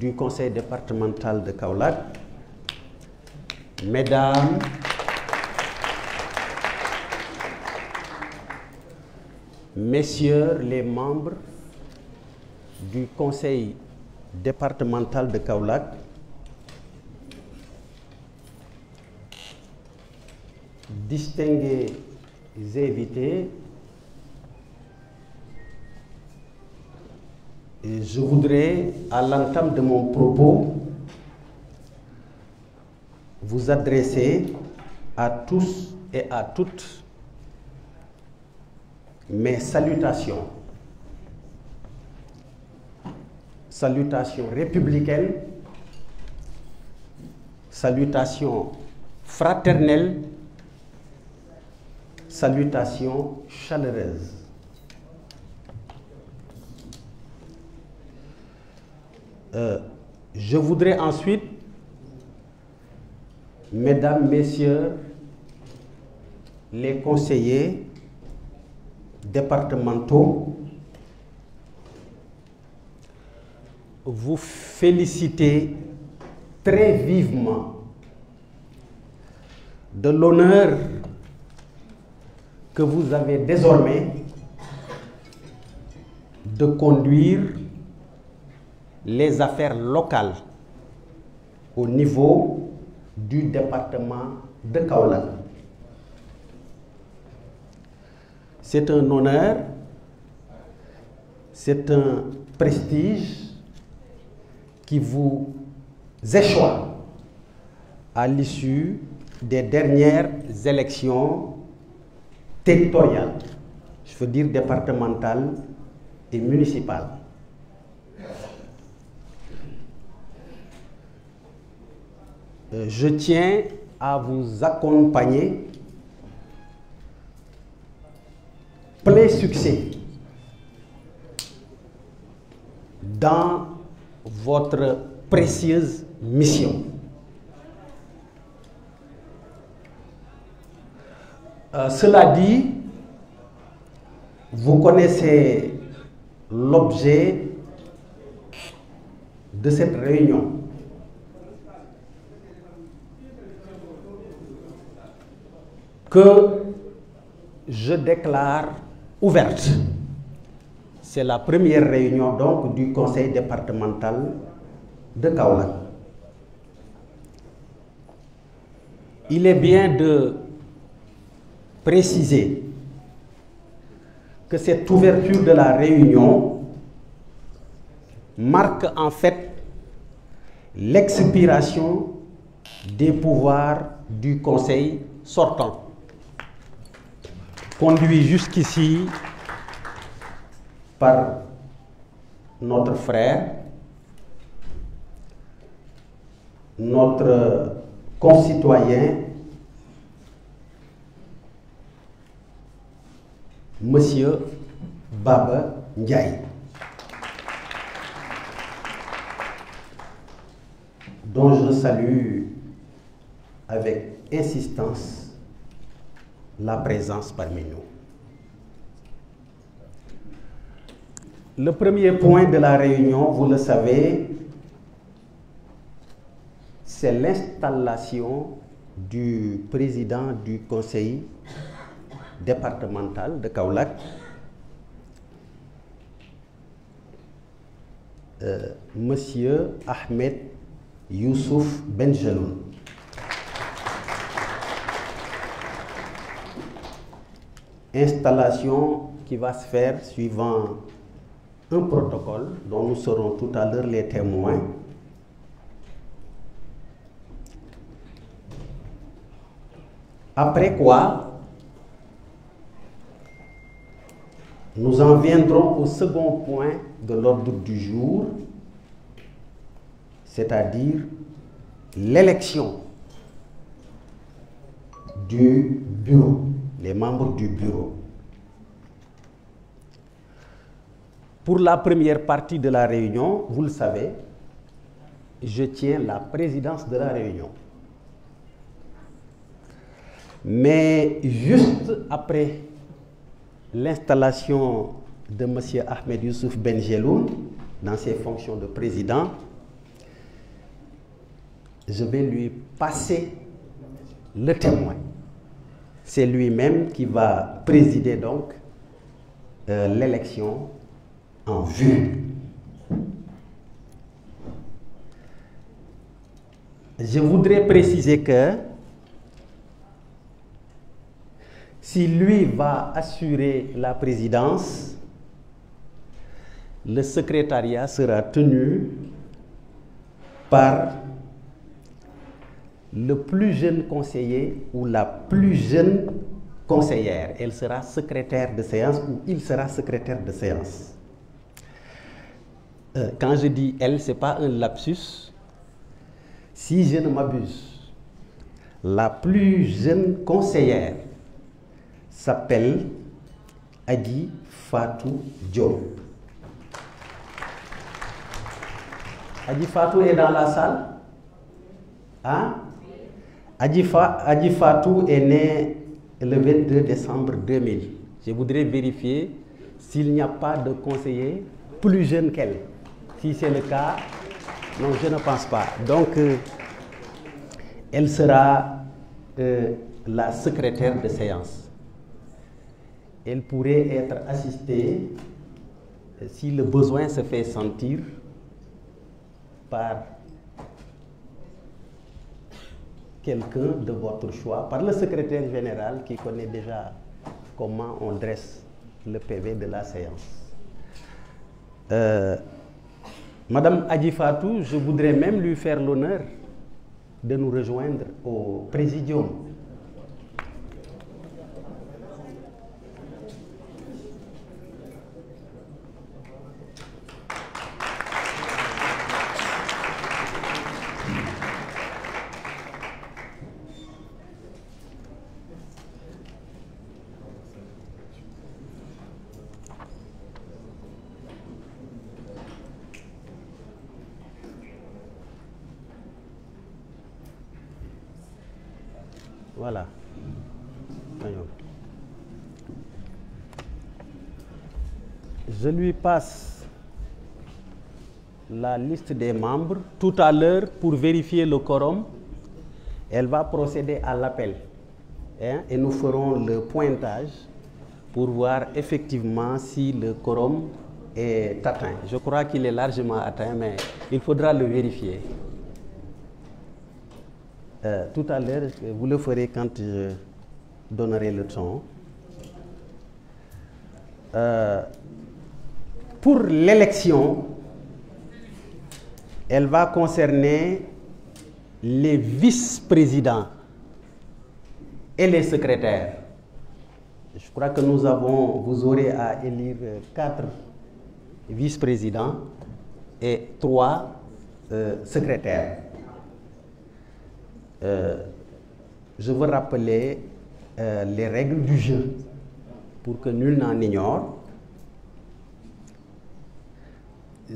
du conseil départemental de Kaolack, mesdames, messieurs les membres du conseil départemental de Kaolack, distingués invités, je voudrais, à l'entame de mon propos, vous adresser à tous et à toutes mes salutations. Salutations républicaines, salutations fraternelles, salutations chaleureuses. Euh, je voudrais ensuite, mesdames, messieurs, les conseillers départementaux, vous féliciter très vivement de l'honneur que vous avez désormais de conduire les affaires locales au niveau du département de Kaolan. C'est un honneur, c'est un prestige qui vous échoit à l'issue des dernières élections territoriales, je veux dire départementales et municipales. Euh, je tiens à vous accompagner. Plein succès dans votre précieuse mission. Euh, cela dit, vous connaissez l'objet de cette réunion. que je déclare ouverte. C'est la première réunion donc du conseil départemental de Kaolan. Il est bien de préciser que cette ouverture de la réunion marque en fait l'expiration des pouvoirs du Conseil sortant conduit jusqu'ici par notre frère, notre concitoyen, Monsieur Baba Ndiaye, dont je salue avec insistance la présence parmi nous. Le premier point de la réunion, vous le savez, c'est l'installation du président du conseil départemental de Kaulak, M. Euh, monsieur Ahmed Youssouf Benjeloun. installation qui va se faire suivant un protocole dont nous serons tout à l'heure les témoins. Après quoi, nous en viendrons au second point de l'ordre du jour, c'est-à-dire l'élection du bureau les membres du bureau. Pour la première partie de la réunion, vous le savez, je tiens la présidence de la réunion. Mais juste après l'installation de M. Ahmed Youssouf Benjeloun dans ses fonctions de président, je vais lui passer le témoin c'est lui-même qui va présider donc euh, l'élection en vue. Je voudrais préciser que si lui va assurer la présidence, le secrétariat sera tenu par le plus jeune conseiller ou la plus jeune conseillère. Elle sera secrétaire de séance ou il sera secrétaire de séance. Euh, quand je dis elle, ce pas un lapsus. Si je ne m'abuse, la plus jeune conseillère s'appelle Adi Fatou Diop. Adi Fatou est dans la salle. Hein? Adi Fatou est née le 22 décembre 2000. Je voudrais vérifier s'il n'y a pas de conseiller plus jeune qu'elle. Si c'est le cas, non, je ne pense pas. Donc, euh, elle sera euh, la secrétaire de séance. Elle pourrait être assistée, euh, si le besoin se fait sentir, par quelqu'un de votre choix par le secrétaire général qui connaît déjà comment on dresse le PV de la séance. Euh, Madame Adifatou je voudrais même lui faire l'honneur de nous rejoindre au présidium la liste des membres tout à l'heure pour vérifier le quorum. Elle va procéder à l'appel hein, et nous ferons le pointage pour voir effectivement si le quorum est atteint. Je crois qu'il est largement atteint, mais il faudra le vérifier. Euh, tout à l'heure, vous le ferez quand je donnerai le temps. Euh, pour l'élection, elle va concerner les vice-présidents et les secrétaires. Je crois que nous avons, vous aurez à élire quatre vice-présidents et trois euh, secrétaires. Euh, je veux rappeler euh, les règles du jeu pour que nul n'en ignore.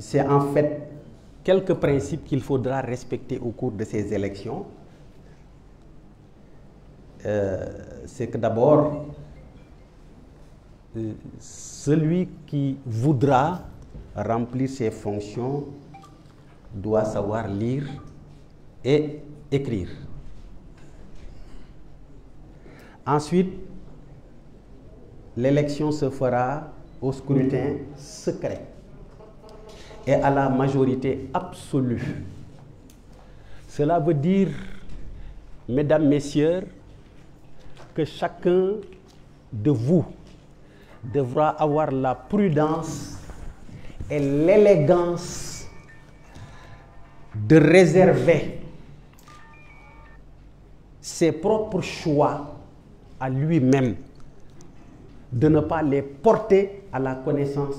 c'est en fait quelques principes qu'il faudra respecter au cours de ces élections. Euh, c'est que d'abord, euh, celui qui voudra remplir ses fonctions doit savoir lire et écrire. Ensuite, l'élection se fera au scrutin secret et à la majorité absolue. Cela veut dire, mesdames, messieurs, que chacun de vous devra avoir la prudence et l'élégance de réserver ses propres choix à lui-même, de ne pas les porter à la connaissance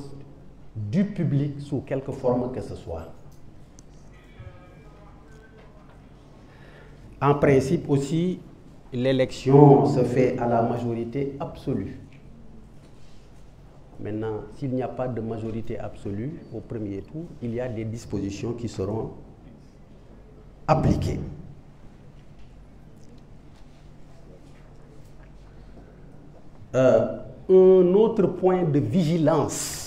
du public sous quelque forme que ce soit. En principe aussi, l'élection se fait à la majorité absolue. Maintenant, s'il n'y a pas de majorité absolue au premier tour, il y a des dispositions qui seront appliquées. Euh, un autre point de vigilance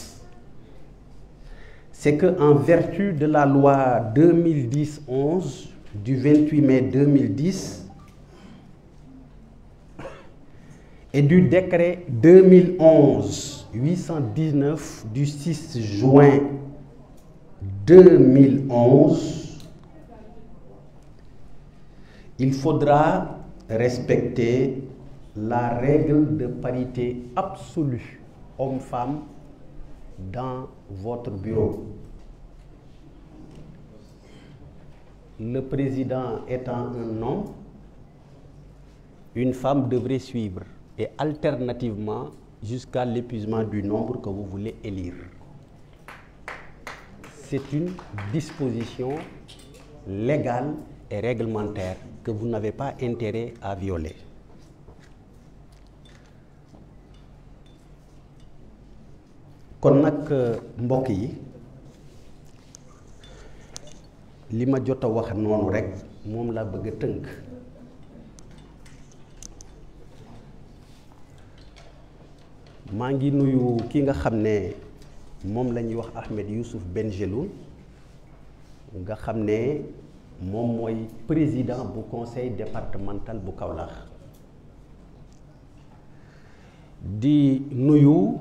c'est qu'en vertu de la loi 2010-11 du 28 mai 2010 et du décret 2011-819 du 6 juin 2011, il faudra respecter la règle de parité absolue homme-femme dans votre bureau. Le président étant un homme, une femme devrait suivre et alternativement jusqu'à l'épuisement du nombre que vous voulez élire. C'est une disposition légale et réglementaire que vous n'avez pas intérêt à violer. kon nak eh, mbok yi lima jotta wax noonu rek mom la bëgg teunk ma ngi nuyu ki nga xam mom lañuy wax Ahmed Yusuf Benjelun, nga xam mom moy président bu conseil départemental bu di nuyu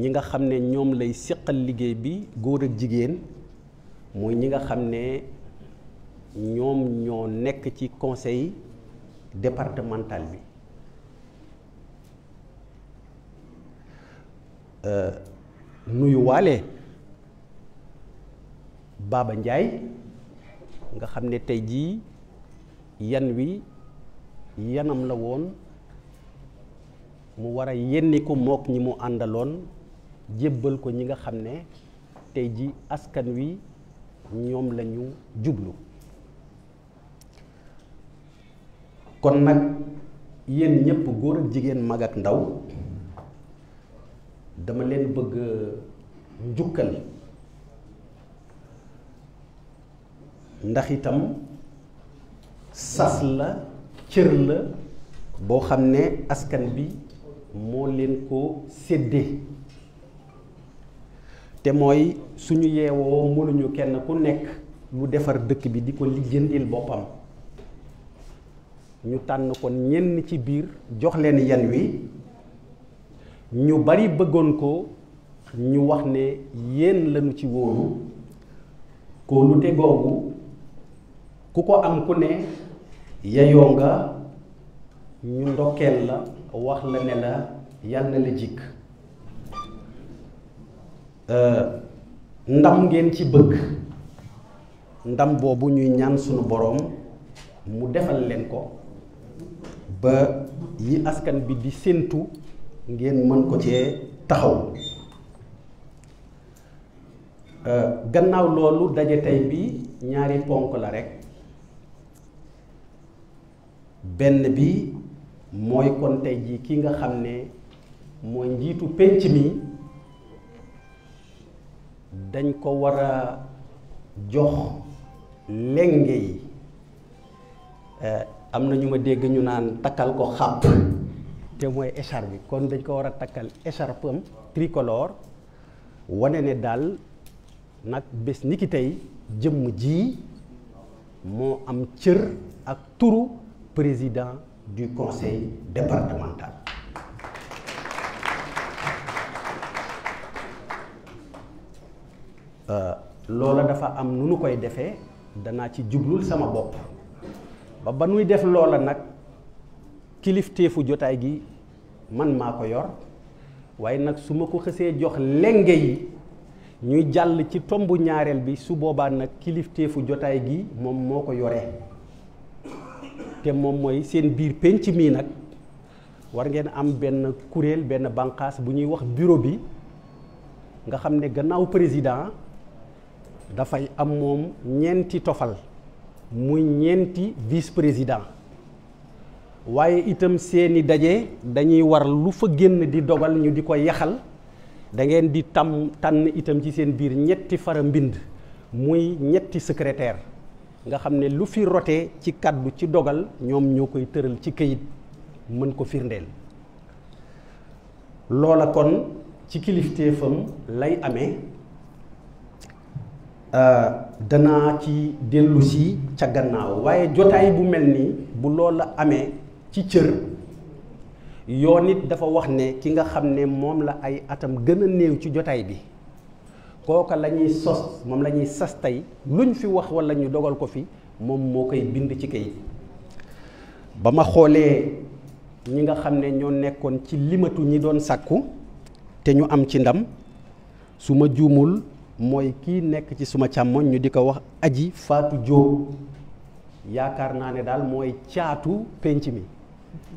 ñi nga xam ne ñoom lay seqal liggéey bi góor ak jigéen mooy ñi nga xam ne ñoom ñoo nekk ci conseil départemental bi euh, nuyu waale Baba Ndiaye nga xam ne tey jii yan wi yanam la woon mu war a yenni ko mook ñi mu àndaloon jébbal ko ñi nga xam ne tey ji askan wi ñoom lañu jublu kon nag yéen ñépp góor jigéen mag ak ndaw dama leen bëgg njukkal ndax itam sas la cër la boo xam ne askan bi moo leen ko séddee te mooy suñu yeewoo mënuñu kenn ku nekk mu defar dëkk bi di ko il boppam ñu tànn kon ñenn ci biir jox leen yan wi ñu bari bëggoon ko ñu wax ne yéen lañu ci wóoru kóolute googu ku ko am ku ne yayoo nga ñu ndokkeel la wax la ne la yàlla la jikk Euh, ndam ngeen ci bëgg ndam boobu ñuy ñaan sunu boroom mu defal leen ko ba yi askan bi di séentu ngeen mën ko cee taxaw euh, gannaaw loolu daje tey bi ñaari ponk la rekk benn bi mooy kon tey jii ki nga xam ne mooy njiitu pénc mi dañ ko war a jox lenge yi eh, am na ñu ma dégg ñu naan takkal ko xàpp te mooy écharpe bi kon dañ ko war a takkal écharpe am tricolore wane ne daal nag bés ni ki tey jëmm ji moo am cër ak turu président du conseil départemental Euh, loola dafa am nu nu koy defee danaa ci jublul sama bopp ba ba nuy def loola nag kilifteefu jotaay gi man maa ko yor waaye nag su ma ko xësee jox lenge yi ñuy jàll ci tomb ñaareel bi su boobaa nag kilifteefu jotaay gi moom moo ko yore te moom mooy seen biir penc mii nag war ngeen am benn kuréel benn bànqaas bu ñuy wax buro bi nga xam ne gannaaw président dafay am moom ñeenti tofal muy ñeenti vice président waaye itam seeni daje dañuy war lu fa génn di dogal ñu di ko yaxal dangeen di tam tànn itam ci seen biir ñetti fara mbind muy ñetti secrétaire nga xam ne lu fi rote ci kàddu ci dogal ñoom ñoo koy tëral ci këyit mën ko firndeel loola kon ci kilifteefam lay amee Euh, danaa ci dellusi ca gannaaw waaye jotaay bu mel nii bu loola amee ci cër yoon it dafa wax ne ki nga xam ne moom la ay atam gën a néew ci jotaay bi kooka la ñuy sos moom lañuy sas tey luñ fi wax walla ñu dogal ko fi moom moo koy bind ci kayit ba ma xoolee ñi nga xam ne ñoo nekkoon ci limatu ñi doon sàkku te ñu am ci ndam su ma juumul mooy kii nekk ci suma càmmoñ ñu di ko wax aji faatu jóob yaakaar naa ne daal mooy caatu pénc mi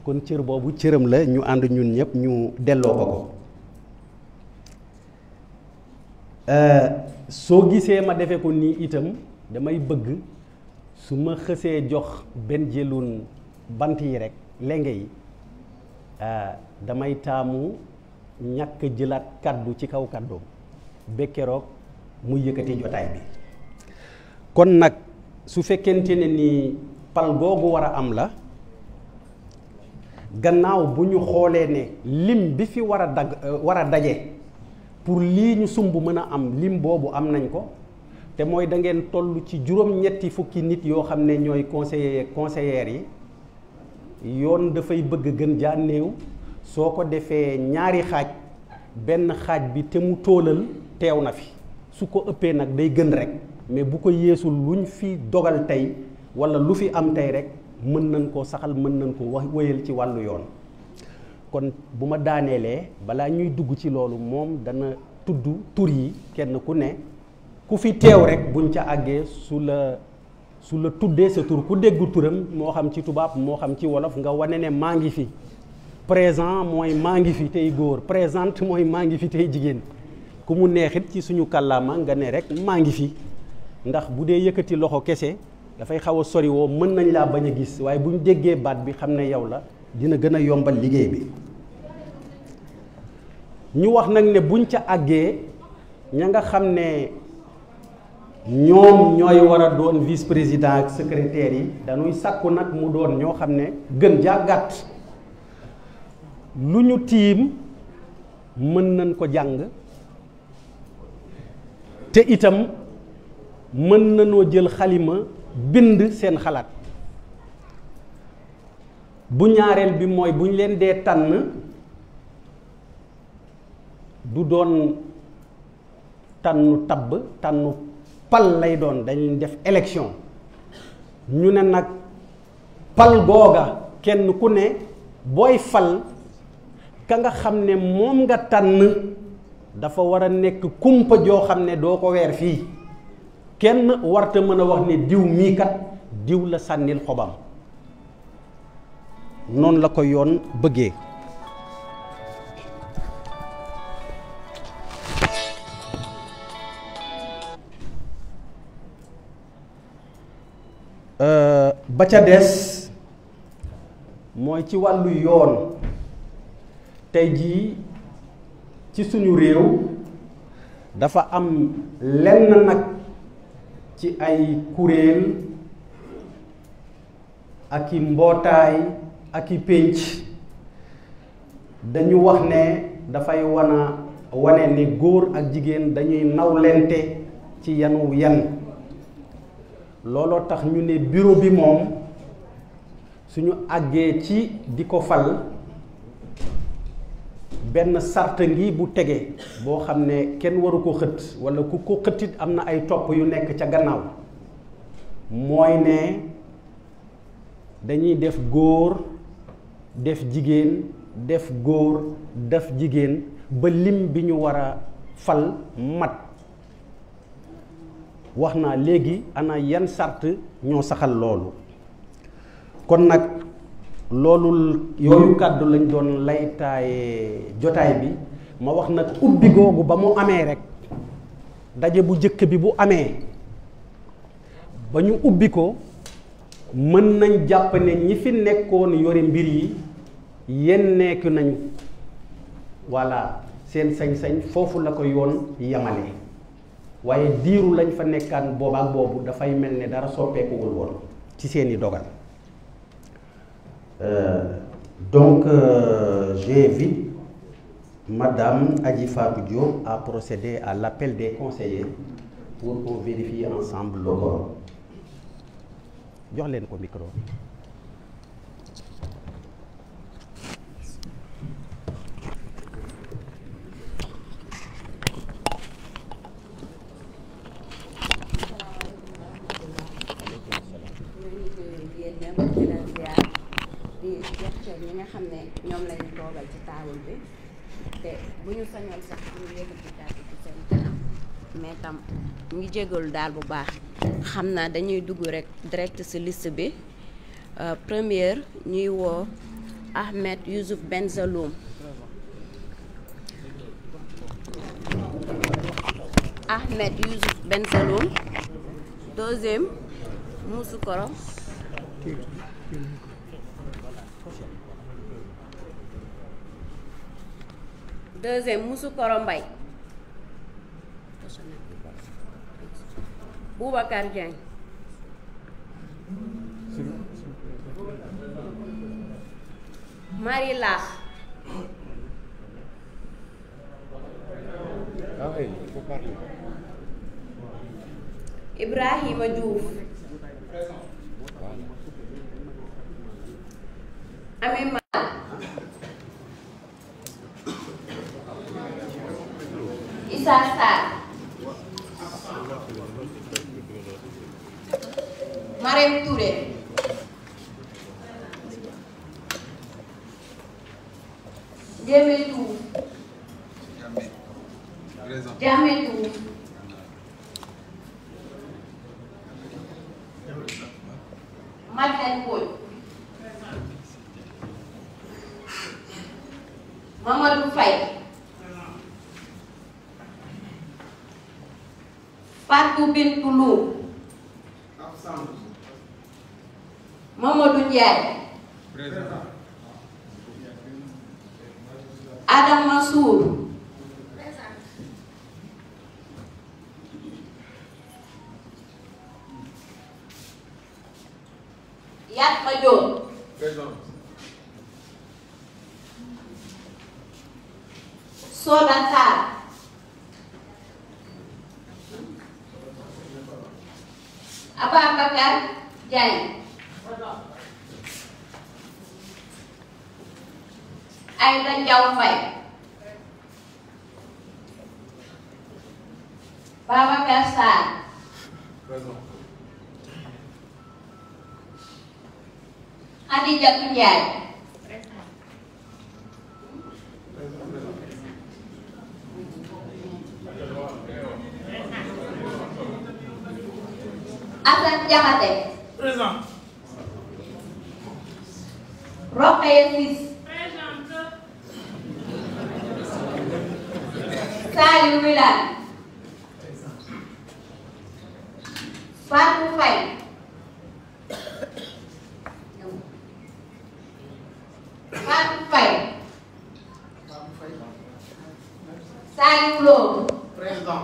kon cër boobu cëram la ñu ànd ñun ñëpp ñu delloo ko ko euh, soo gisee ma defee ko nii itam damay bëgg su ma xësee jox benn jëlun bant yi rekk lenge yi euh, damay taamu ñàkk jëlaat kàddu ci kaw kaddoom bekkeroog muy yëkkati jotaay bi kon nag su fekkente ne nii pal googu war a am la gannaaw bu ñu xoolee ne lim bi fi war a euh, war a daje pour lii ñu sumb mën a am lim boobu am nañ ko te mooy da ngeen toll ci juróom-ñetti fukki nit yoo xam ne ñooy conseiller conseillers yi yoon dafay bëgg gën jaa néew soo ko defee ñaari xaaj benn xaaj bi te mu toolal teew na fi su ko ëppee nag day gën rek mais bu ko yeesul luñ fi dogal tey wala lu fi am tey rek mën nañ koo saxal mën nañ koo wax wéyal ci wàllu yoon kon bu ma daaneelee balaa ñuy dugg ci loolu moom dana tudd tur yi kenn ku ne ku fi teew rek buñ ca àggee su la su la tuddee sa tur ku dégg turam moo xam ci tubaab moo xam ci wolof nga wane ne maa ngi fi présent mooy maa ngi fi tey góor présente mooy maa ngi fi tey jigéen ku mu neexit ci suñu kàllaama nga ne rek maa ngi fi ndax bu dee yëkkati loxo kese dafay xaw a sori woo mën nañ laa bañ a gis waaye bu ñu déggee baat bi xam ne yow la dina gën a yombal liggéey bi ñu wax nag ne buñ ca àggee ña nga xam ne ñoom ñooy war a doon vis président ak secrétaire yi dañuy sàkku nag mu doon ñoo xam ne gën jaa lu ñu tiim mën nañ ko jàng te itam mën nañoo jël xalima bind seen xalaat bu ñaareel bi mooy bu ñu leen dee tànn du doon tànnu tabb tànnu pal lay doon dañuy def élection ñu ne nag pal googa kenn ku ne booy fal ka nga xam ne moom nga tànn dafa war a nekk kumpa joo xam ne doo ko weer fii kenn warta mën a wax ne diw mii kat diw la sànnil xobam noonu la ko yoon bëggee euh, ba ca des mooy ci wàllu yoon tey jii ci suñu réew dafa am lenn nag ci ay kuréel ak i mbootaay ak i pénc dañu wax ne dafay wane wane ne góor ak jigéen dañuy nawlente ci yanu yan looloo tax ñu ne bureau bi moom suñu àggee ci di ko fal benn sarta ngi bu tegee boo xam ne kenn waru ko xët walla ku ko xëtit am na ay topp yu nekk ca gannaaw mooy ne dañuy def góor def jigéen def góor def jigéen ba lim bi ñu war a fal mat wax naa léegi ana yan sart ñoo saxal loolu kon nag loolu yooyu kàddu lañ doon laytaaye jotaay bi ma wax nag ubbi googu ba mu amee rek daje bu jëkk bi bu amee ba ñu ubbi ko mën nañ jàpp ne ñi fi nekkoon yore mbir yi yenn nekku nañ voilà seen sañ-sañ foofu la ko yoon yamale waaye diiru lañ fa nekkaan boobaak boobu dafay mel ne dara soppeekuwul woon ci seeni dogal Euh, donc, euh, j'invite Madame Adifa Goudio à procéder à l'appel des conseillers pour qu'on vérifie ensemble le corps. micro. jégalu daal bu baax xam na dañuy dugg rekk direct ci liste bi euh, première ñuy woo Ahmed Youssouf Benzaloum Ahmed Youssouf Benzaloum deuxième Koro deuxième Boubacar Diagne. Marie Laax. Ah oui, il faut parler. Marem Ture. Demetou. Demetou. Madeleine Paul. Mamadou Faye. Fatou Bintou yet. sampai, sampai Président.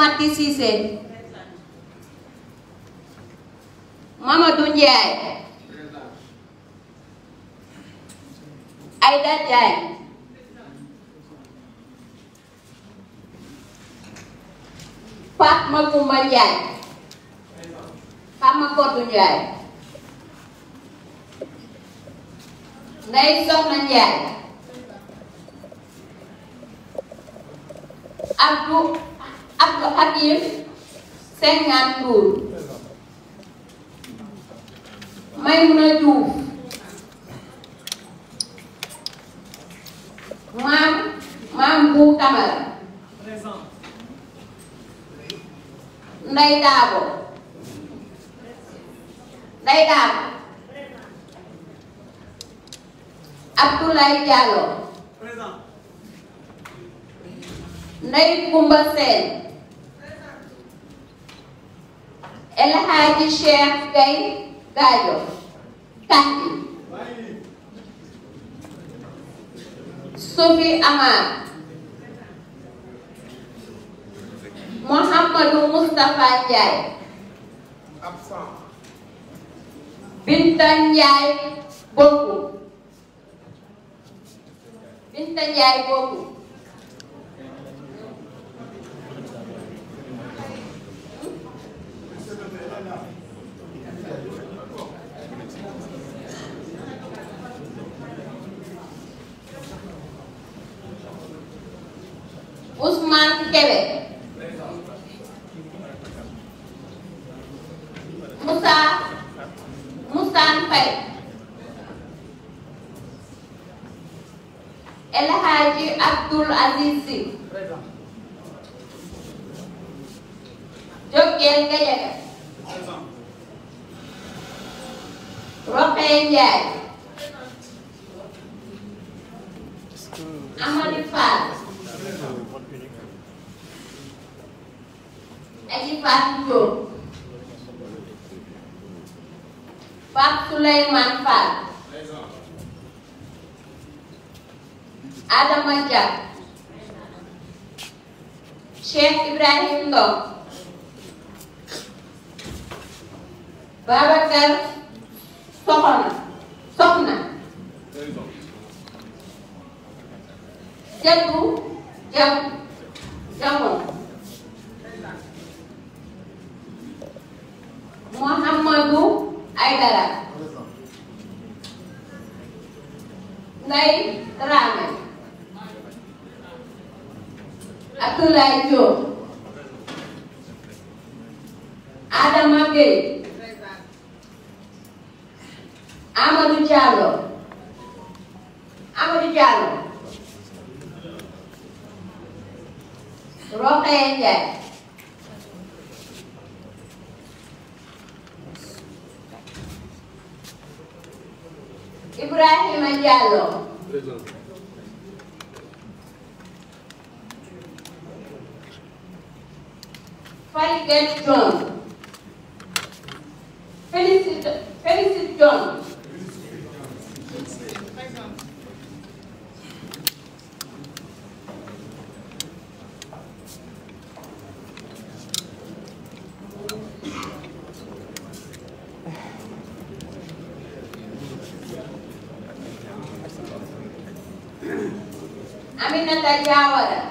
mati sise mama dunjay aida jay pak mau ko ma jay xama ko dunjay nay Aku hát hát yếm sen ngàn củ may muna Diouf maam maam bu Kamara Ndeye Dabo Ndeye Dabo Abdoulaye Diallo Ndeye Kumba Sène El Hadji Cheikh Gaye Gadio Kandi Sophie Amar Mouhamadou Moustapha Binta Ndiaye Boku Binta Ndiaye Boku Ousmane Kébé Moussa Moussa Faye El Hadji Abdoul Aziz Sy Jokel Gadiaga Rokhaya Ndiaye Amady Fall Lagi Fatgo. Pak Sulaiman Fat. Adam Ajak. Syekh Ibrahim Dok. Babakar Sokona. Sokna. Jatuh. Jam. Jamon. Muhammadu Aidara. Nay Dramé. Abdoulaye Jo Adam Gueye. Amadu Diallo. Amadu Diallo. Rokhaya Ndiaye. Ibrahim Agiallo. Presente. Farigate John. Felicito. Felicito. até já hora.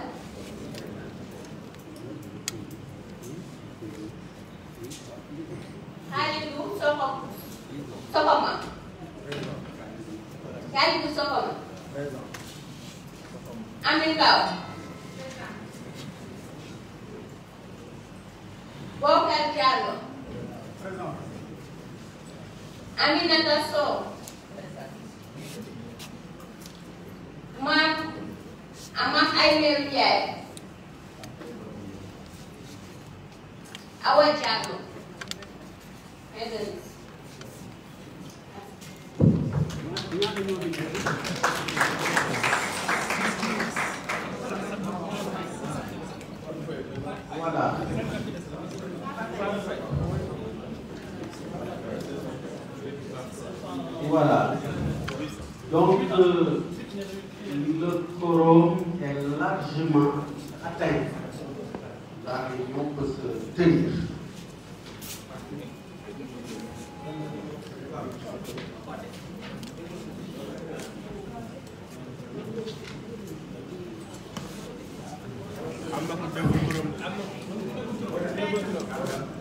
Thank you.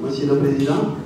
Monsieur le Président,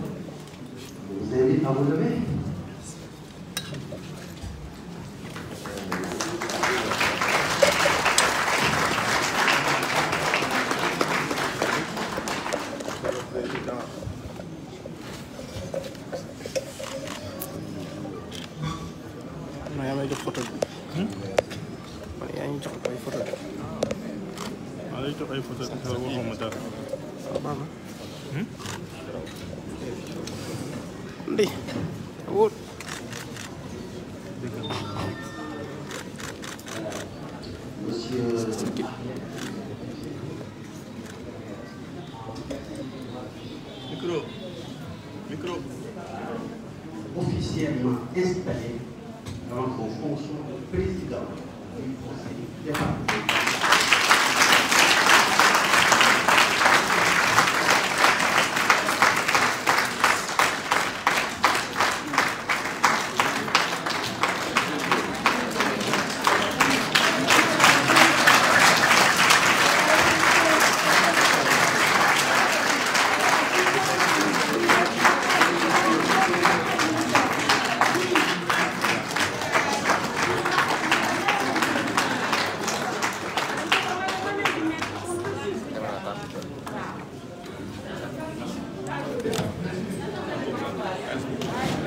Thank you.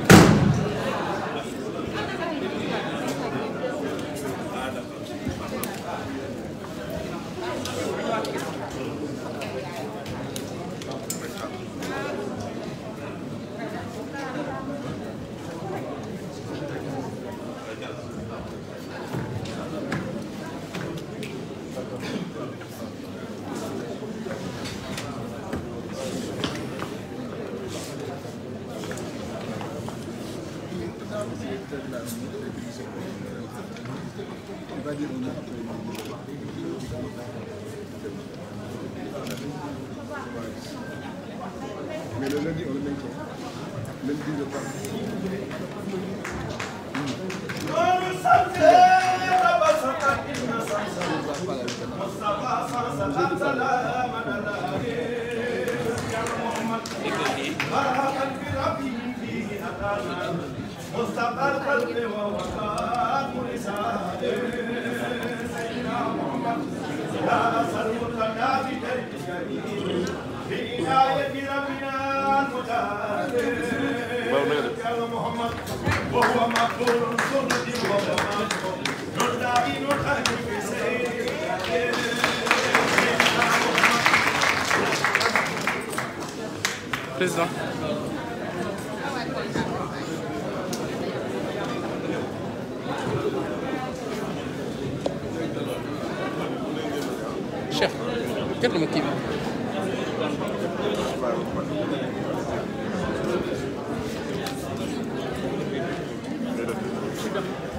Thank you.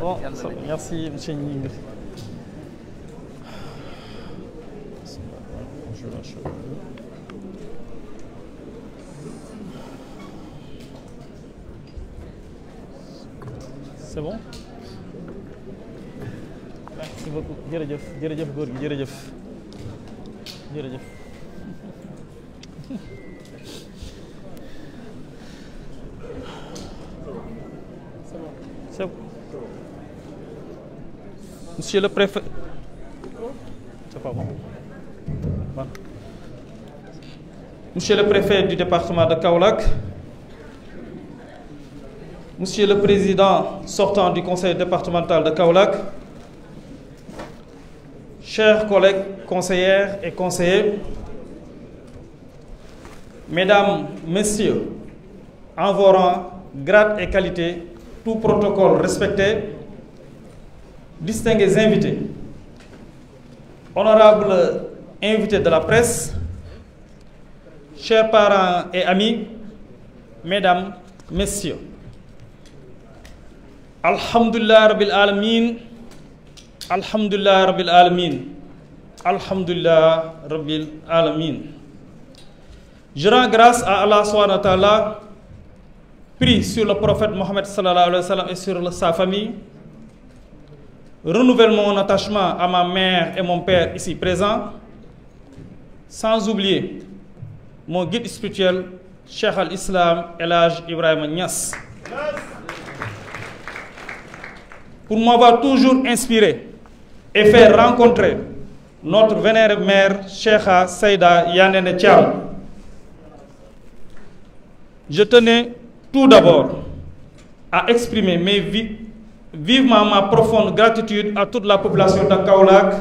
bon, merci, monsieur Ning. C'est bon Merci beaucoup. Jërëjëf jërëjëf góor gi jërëjëf Monsieur le préfet. Monsieur le préfet du département de Kaolac, Monsieur le président sortant du conseil départemental de Kaolac, chers collègues conseillères et conseillers, Mesdames, Messieurs, en vos rangs, et qualité, tout protocole respecté, distingués invités, honorables invités de la presse, chers parents et amis, mesdames, messieurs. Alhamdulillah Rabbil Alamin, Alhamdulillah Rabbil Alamin, Alhamdulillah Rabbil Alamin. Je rends grâce à Allah SWT, sur le prophète Mohammed et sur sa famille, renouvelle mon attachement à ma mère et mon père ici présents, sans oublier mon guide spirituel, Cheikh al-Islam Elhaj Ibrahim Nias, pour m'avoir toujours inspiré et faire rencontrer notre vénère mère, Cheikha Saïda Yanene Je tenais tout d'abord à exprimer mes vies vivement ma profonde gratitude à toute la population de Kaolac,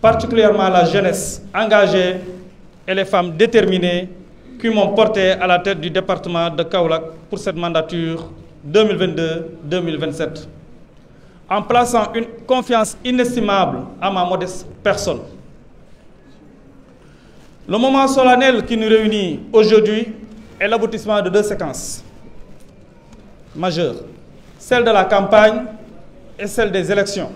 particulièrement à la jeunesse engagée et les femmes déterminées qui m'ont porté à la tête du département de Kaolac pour cette mandature 2022-2027, en plaçant une confiance inestimable à ma modeste personne. Le moment solennel qui nous réunit aujourd'hui est l'aboutissement de deux séquences majeures celle de la campagne et celle des élections.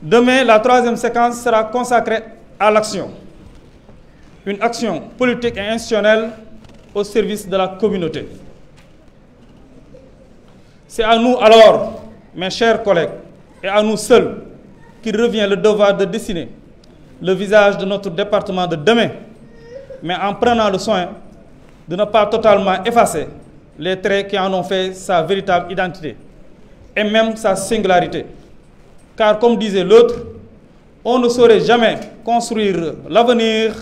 Demain, la troisième séquence sera consacrée à l'action. Une action politique et institutionnelle au service de la communauté. C'est à nous alors, mes chers collègues, et à nous seuls, qu'il revient le devoir de dessiner le visage de notre département de demain, mais en prenant le soin de ne pas totalement effacer les traits qui en ont fait sa véritable identité et même sa singularité. Car comme disait l'autre, on ne saurait jamais construire l'avenir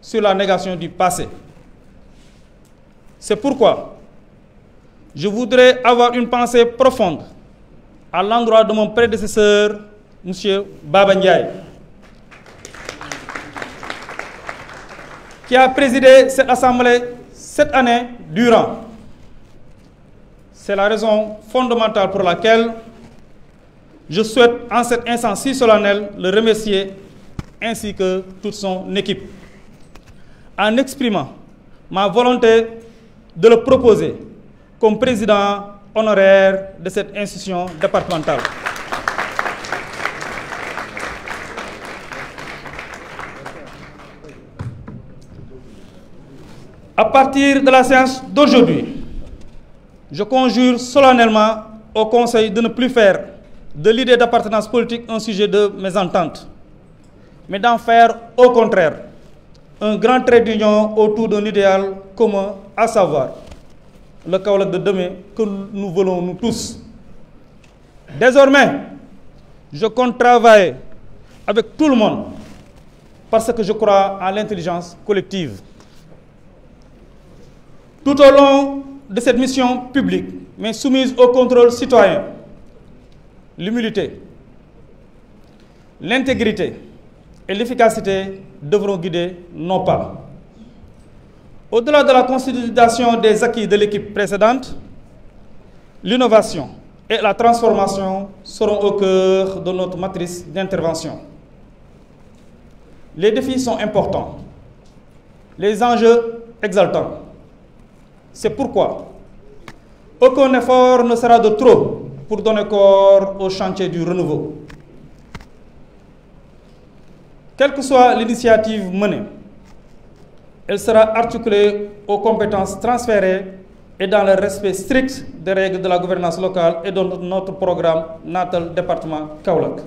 sur la négation du passé. C'est pourquoi je voudrais avoir une pensée profonde à l'endroit de mon prédécesseur, M. Baba qui a présidé cette assemblée cette année durant. C'est la raison fondamentale pour laquelle je souhaite en cet instant si solennel le remercier ainsi que toute son équipe. En exprimant ma volonté de le proposer comme président honoraire de cette institution départementale. À partir de la séance d'aujourd'hui, je conjure solennellement au Conseil de ne plus faire de l'idée d'appartenance politique un sujet de mésentente, mais d'en faire au contraire un grand trait d'union autour d'un idéal commun, à savoir le Kaolak de demain que nous voulons nous tous. Désormais, je compte travailler avec tout le monde parce que je crois à l'intelligence collective. Tout au long de cette mission publique, mais soumise au contrôle citoyen, l'humilité, l'intégrité et l'efficacité devront guider nos pas. Au-delà de la consolidation des acquis de l'équipe précédente, l'innovation et la transformation seront au cœur de notre matrice d'intervention. Les défis sont importants, les enjeux exaltants. C'est pourquoi aucun effort ne sera de trop pour donner corps au chantier du renouveau. Quelle que soit l'initiative menée, elle sera articulée aux compétences transférées et dans le respect strict des règles de la gouvernance locale et de notre programme natal département Kaulak.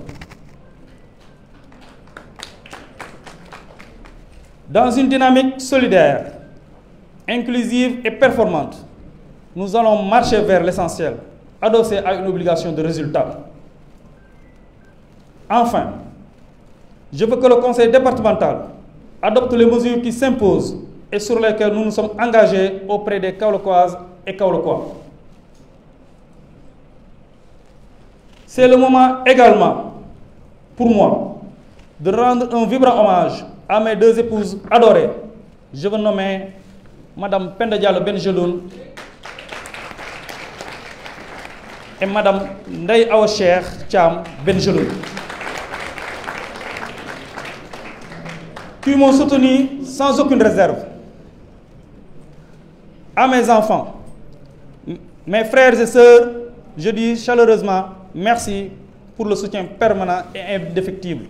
Dans une dynamique solidaire, inclusive et performante, nous allons marcher vers l'essentiel, adossé à une obligation de résultat. Enfin, je veux que le conseil départemental adopte les mesures qui s'imposent et sur lesquelles nous nous sommes engagés auprès des Kaolokoises et Kaolokois. C'est le moment également, pour moi, de rendre un vibrant hommage à mes deux épouses adorées. Je veux nommer Madame Penda Benjeloun et Madame Ndeye Aosher Cheikh Benjeloun, qui m'ont soutenu sans aucune réserve. À mes enfants, mes frères et sœurs, je dis chaleureusement merci pour le soutien permanent et indéfectible.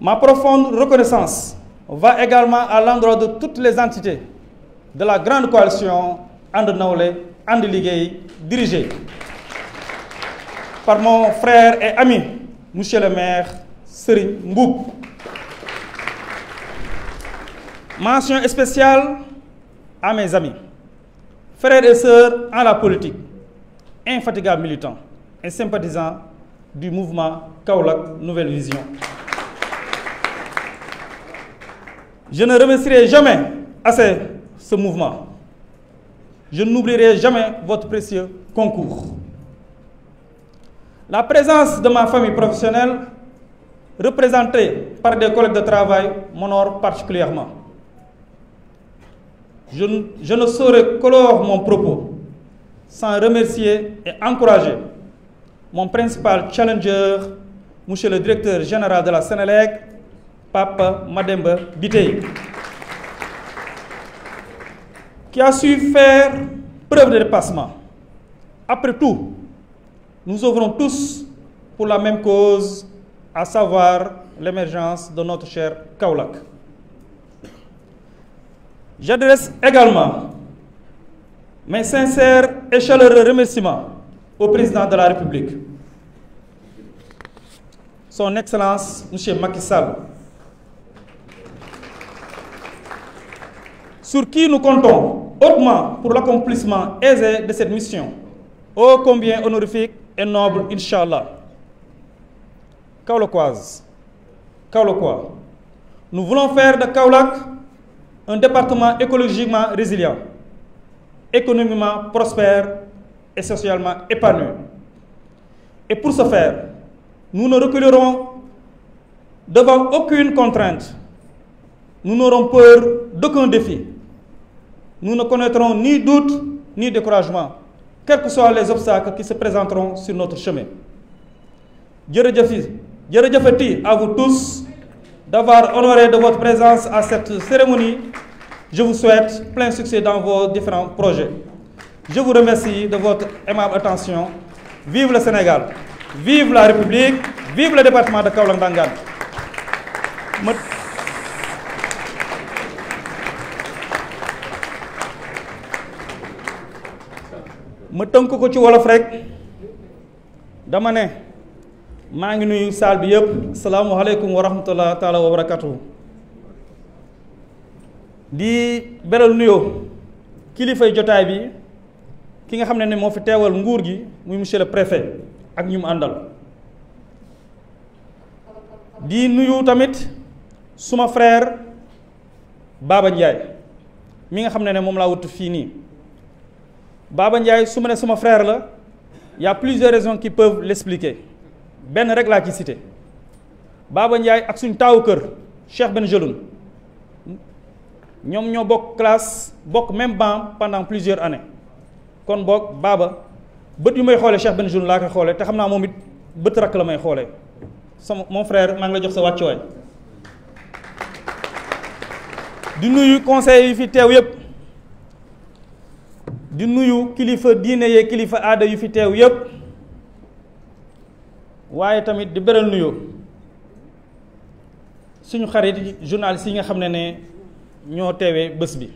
Ma profonde reconnaissance va également à l'endroit de toutes les entités de la grande coalition And Naoulé, Liguey, dirigée par mon frère et ami, monsieur le maire Serigne Mboub. Mention spéciale à mes amis, frères et sœurs en la politique, infatigables militants et sympathisants du mouvement Kaolak Nouvelle Vision. Je ne remercierai jamais assez ce mouvement. Je n'oublierai jamais votre précieux concours. La présence de ma famille professionnelle, représentée par des collègues de travail, m'honore particulièrement. Je, ne saurais colorer mon propos sans remercier et encourager mon principal challenger, Monsieur le directeur général de la Sénélec, Papa Mademba Bitey, qui a su faire preuve de dépassement. Après tout, nous ouvrons tous pour la même cause, à savoir l'émergence de notre cher Kaulak. J'adresse également mes sincères et chaleureux remerciements au président de la République, son Excellence M. Macky sur qui nous comptons hautement pour l'accomplissement aisé de cette mission. Ô combien honorifique et noble, Inch'Allah. Kaolokoise, Kaulokois, nous voulons faire de Kaolak un département écologiquement résilient, économiquement prospère et socialement épanoui. Et pour ce faire, nous ne reculerons devant aucune contrainte. Nous n'aurons peur d'aucun défi nous ne connaîtrons ni doute ni découragement, quels que soient les obstacles qui se présenteront sur notre chemin. Djerejafeti à vous tous d'avoir honoré de votre présence à cette cérémonie. Je vous souhaite plein succès dans vos différents projets. Je vous remercie de votre aimable attention. Vive le Sénégal, vive la République, vive le département de Kaolandangan. ma tënk ko ci wolof rek dama ne maa ngi nuyu saal bi yëpp salaamualeykum wa rahmatullah wa barakatuhu di beral nuyoo kilifay jotaay bi ki nga xam ne ne moo fi teewal nguur gi muy monsieur le ak ñum àndal di nuyu tamit suma frère Baba Ndiaye mi nga xam ne ne moom laa wut fii nii Baba Ndiaye su ma ne suma frère il y a plusieurs raisons qui peuvent l'expliquer Ben rek la qui cité Baba Ndiaye ak suñ taawu kër Cheikh Ben Jeloun ñoom ñoo bokk classe bokk même banc pendant plusieurs années kon bok, Baba bët yu may xoolee Cheikh Ben Jeloun laa koy xoolee te xam naa moom it bët la may sama mon frère maa ngi la jox sa wàccuwaay di nuyu conseil yi fi di nuyu kilifa diine yee kilifa aada yu fi teew yépp waaye tamit di beral nuyu suñu xarit journaliste yi nga xam ne ne ñoo teewee bés bi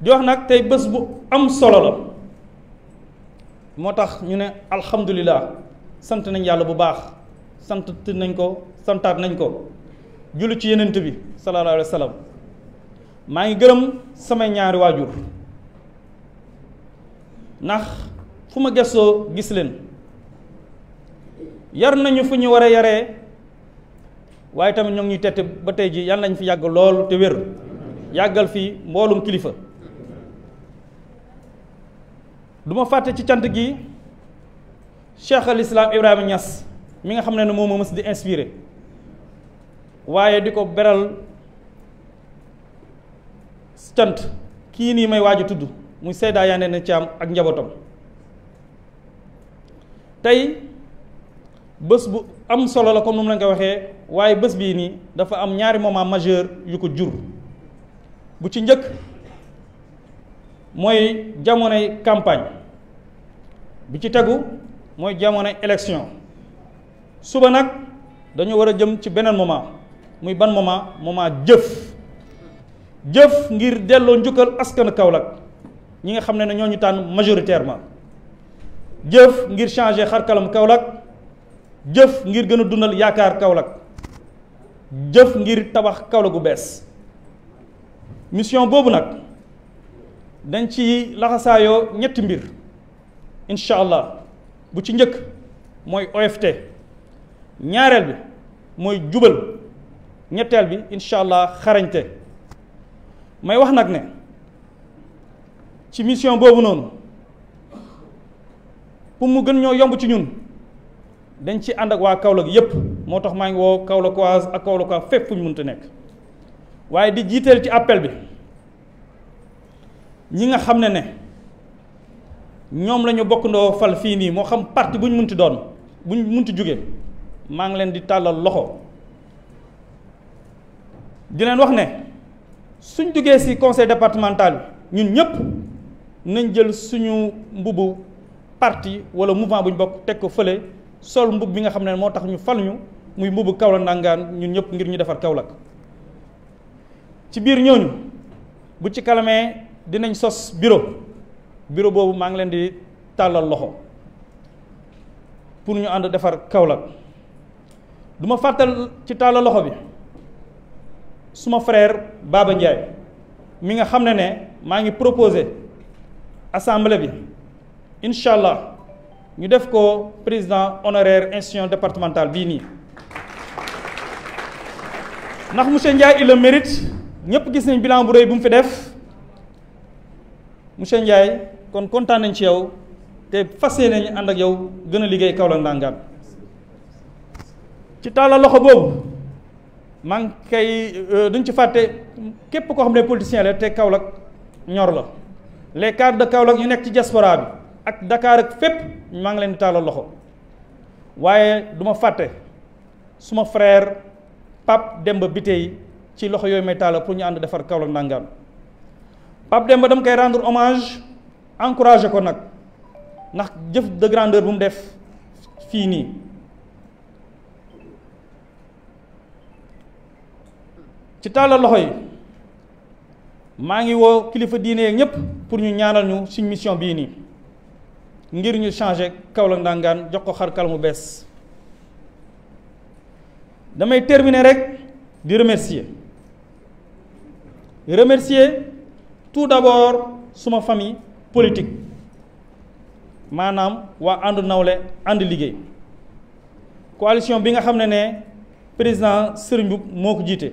di wax nag tey bés bu am solo la moo tax ñu ne alhamdulilah sant nañ yàlla bu baax sant nañ ko santaat nañ ko julli ci yenent bi sallallahu alayhi maa ngi gërëm samay ñaari waajur ndax fu ma gëstoo gis leen yar nañu fu ñu war a yaree waaye tamit ñoo ngi ñuy ba tey ji yàlla nañ fi yàgg lool te wér yàggal fi mboolum kilifa du fàtte ci cant gi cheikh al islam Ibrahima Niass mi nga xam ne ne moom ma mës di inspiré waaye di ko beral cant kii nii may waaj a tudd muy Seyda Yandé na Thiam ak njabootam tey bés bu am solo la comme nu mu la ko waxee waaye bés bii nii dafa am ñaari moment majeur yu ko jur bu ci njëkk mooy jamonoy campagne bi ci tegu mooy jamonoy élection suba nag dañu war a jëm ci beneen moment muy ban moment moment jëf jëf ngir delloo njukkal askan Kaolack ñi nga xam ne ne ñooñu ñu tànn majoritairement jëf ngir changer xarkalam Kaolack jëf ngir gën a dundal yaakaar Kaolack jëf ngir tabax Kaolack gu bees mission boobu nag dañ ci laxasaayoo ñetti mbir incha allah bu ci njëkk mooy OFT ñaareel bi mooy jubal ñetteel bi incha allah xarañte may wax nag ne ci mission boobu noonu pour mu gën ñoo yomb ci ñun dañ ci ànd ak waa Kaolack yépp moo tax maa ngi woo Kaolackoise ak Kaolackois fépp fu ñu ti nekk waaye di jiiteel ci appel bi ñi nga xam ne ne ñoom la ñu bokk ndoo fal fii nii moo xam parti bu ñu munti doon bu ñu munti jóge maa ngi leen di tàllal loxo di leen wax ne suñ duggee ci conseil départemental ñun ñëpp nañ jël suñu mbubu parti wala mouvement bu ñu bokk teg ko fële sol mbub bi nga xam ne moo tax ñu fal ñu muy mbubu Kaolack nangaan ñun ñëpp ngir ñu defar Kaolack ci biir ñooñu bu ci kalamee dinañ sos bureau bureau boobu maa ngi leen di tàllal loxo pour ñu ànd defar Kaolack duma fàttal ci tàllal loxo bi suma frère Baba Ndiaye mi nga xam ne ne maa ngi proposé assemblée bi incha allah ñu def ko président honoraire institution départementale bii nii ndax monsieur Ndiaye il le mérite ñëpp gis nañ bilan bu rëy bu mu fi def monsieur Ndiaye kon kontaan nañ ci yow te fas yéene nañ ànd ak yow gën a liggéey Kaolack ndàngaan ci tàllal loxo boobu. maa ngi koy euh, duñ ci fàtte képp koo xam ne politicien la te Kaolack ñor la les cadres de Kaolack ñu nekk ci diaspora bi ak dakaar ak fépp maa ngi leen di tàllal loxo waaye du ma fàtte suma frère Pape Demba Bitèye ci loxo yooyu may tàllal pour ñu ànd defar Kaolack nangaan Pape Demba dama koy rendre hommage encouragé ko nag ndax jëf de grandeur bu mu def fii nii ci tàllal loxo yi maa ngi woo kilifa diine ñëpp pour ñu ñaanal ñu suñ mission bii nii ngir ñu changé kawla Ndangaan jox ko xarkal kala mu bees damay terminer rek di remercier remercier tout d'abord suma famille politique maanaam waa ànd nawle ànd liggéey coalition bi nga xam ne ne président Serigne Mboup moo ko jiite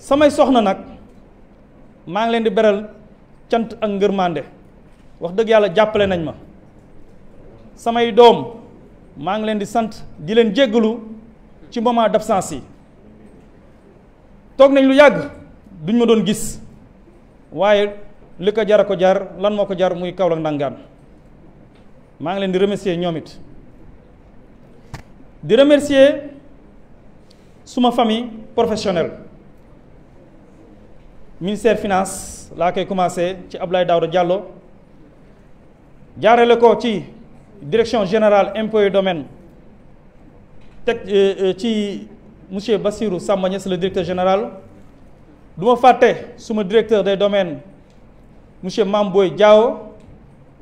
samay soxna nanak, ma ngi len di beral cant ak mande wax deug yalla jappale nañ ma samay dom ma ngi len di sant di len jéggalu ci moment d'absence yi tok nañ lu yag duñ ma doon gis waye li ko jar ko jar lan moko jar muy lak nangam ma ngi len di remercier ñomit di remercier suma famille professionnelle ministère finance qui a commencé ci ablaye Daouda Diallo jaarale ko ci direction générale impôts et Domaine. Euh, euh, ci monsieur Bassirou Samba le directeur général du Faté, sous suma directeur des domaines monsieur Mamboy Diao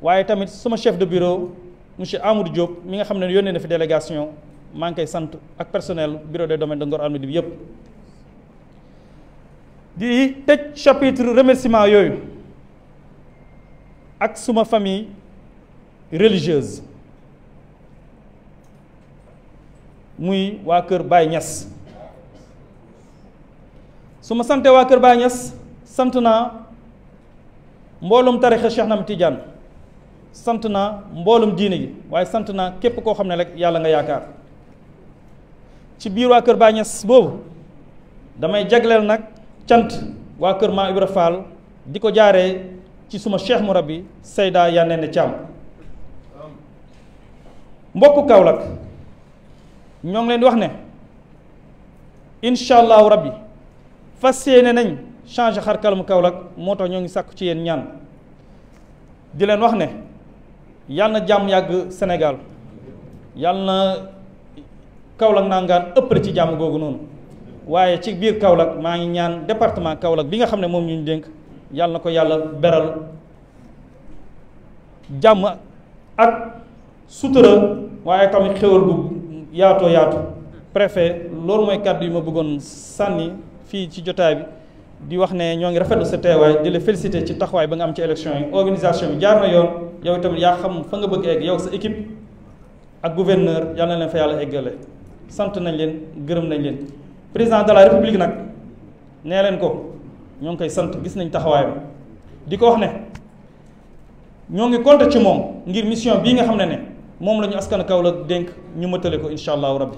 waye tamit suma chef de bureau monsieur Amadou Diop mi nga xamné ne na fi délégation le kay sante ak personnel bureau des domaines de Ngor di tëj chapitre remerciement yooyu ak suma famille religieuse muy waa kër Baye Niass su ma sante waa kër Baye Niass sant naa mboolum tarixa na Nam Tidiane sant naa mboolum diine gi waaye sant naa képp koo xam ne rek yàlla nga yaakaar ci biir waa kër Baye Niass boobu damay jagleel nag cant waa kër Maam Ibra Fall di ko jaaree ci suma cheikh mu rabbi Seyda Yanene Thiam mbokk Kaolack ñoo ngi leen di wax ne incha allahu rabbi fas yéene nañ changé xar kalamu Kaolack moo tax ñoo ngi sàkku ci yéen ñaan di leen wax ne yal jàmm yàgg Sénégal yal na Kaolack nangaan ëppale ci jàmm boogu noonu waaye ci biir Kaolack maa ngi ñaan département Kaolack bi nga xam ne moom ñu dénk yàlla ko yàlla beral jàmm ak sutura waaye tamit xéwal bu yaatoo yaatu préfet loolu mooy kàddu yi ma bëggoon sànni fii ci jotaay bi di wax ne ñoo ngi rafetlu sa teewaay di la ci taxawaay ba nga am ci élection yi organisation bi jaar na yoon yow tamit yaa xam fa nga bëgg egg yow sa équipe ak gouverneur yal na leen fa yàlla eggale sant nañ leen gërëm nañ leen président de la république nag nee leen ko ñoo ngi koy sant gis nañ taxawaayam di ko wax ne ñoo ngi compter ci moom ngir mission bii nga xam ne ne moom la ñu askan Kaolack dénk ñu mëtale ko incha allahu rabbi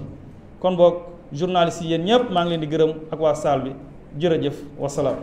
kon boog journaliste yi yéen ñëpp maa ngi leen di gërëm ak waa saal bi jërëjëf wasalaam.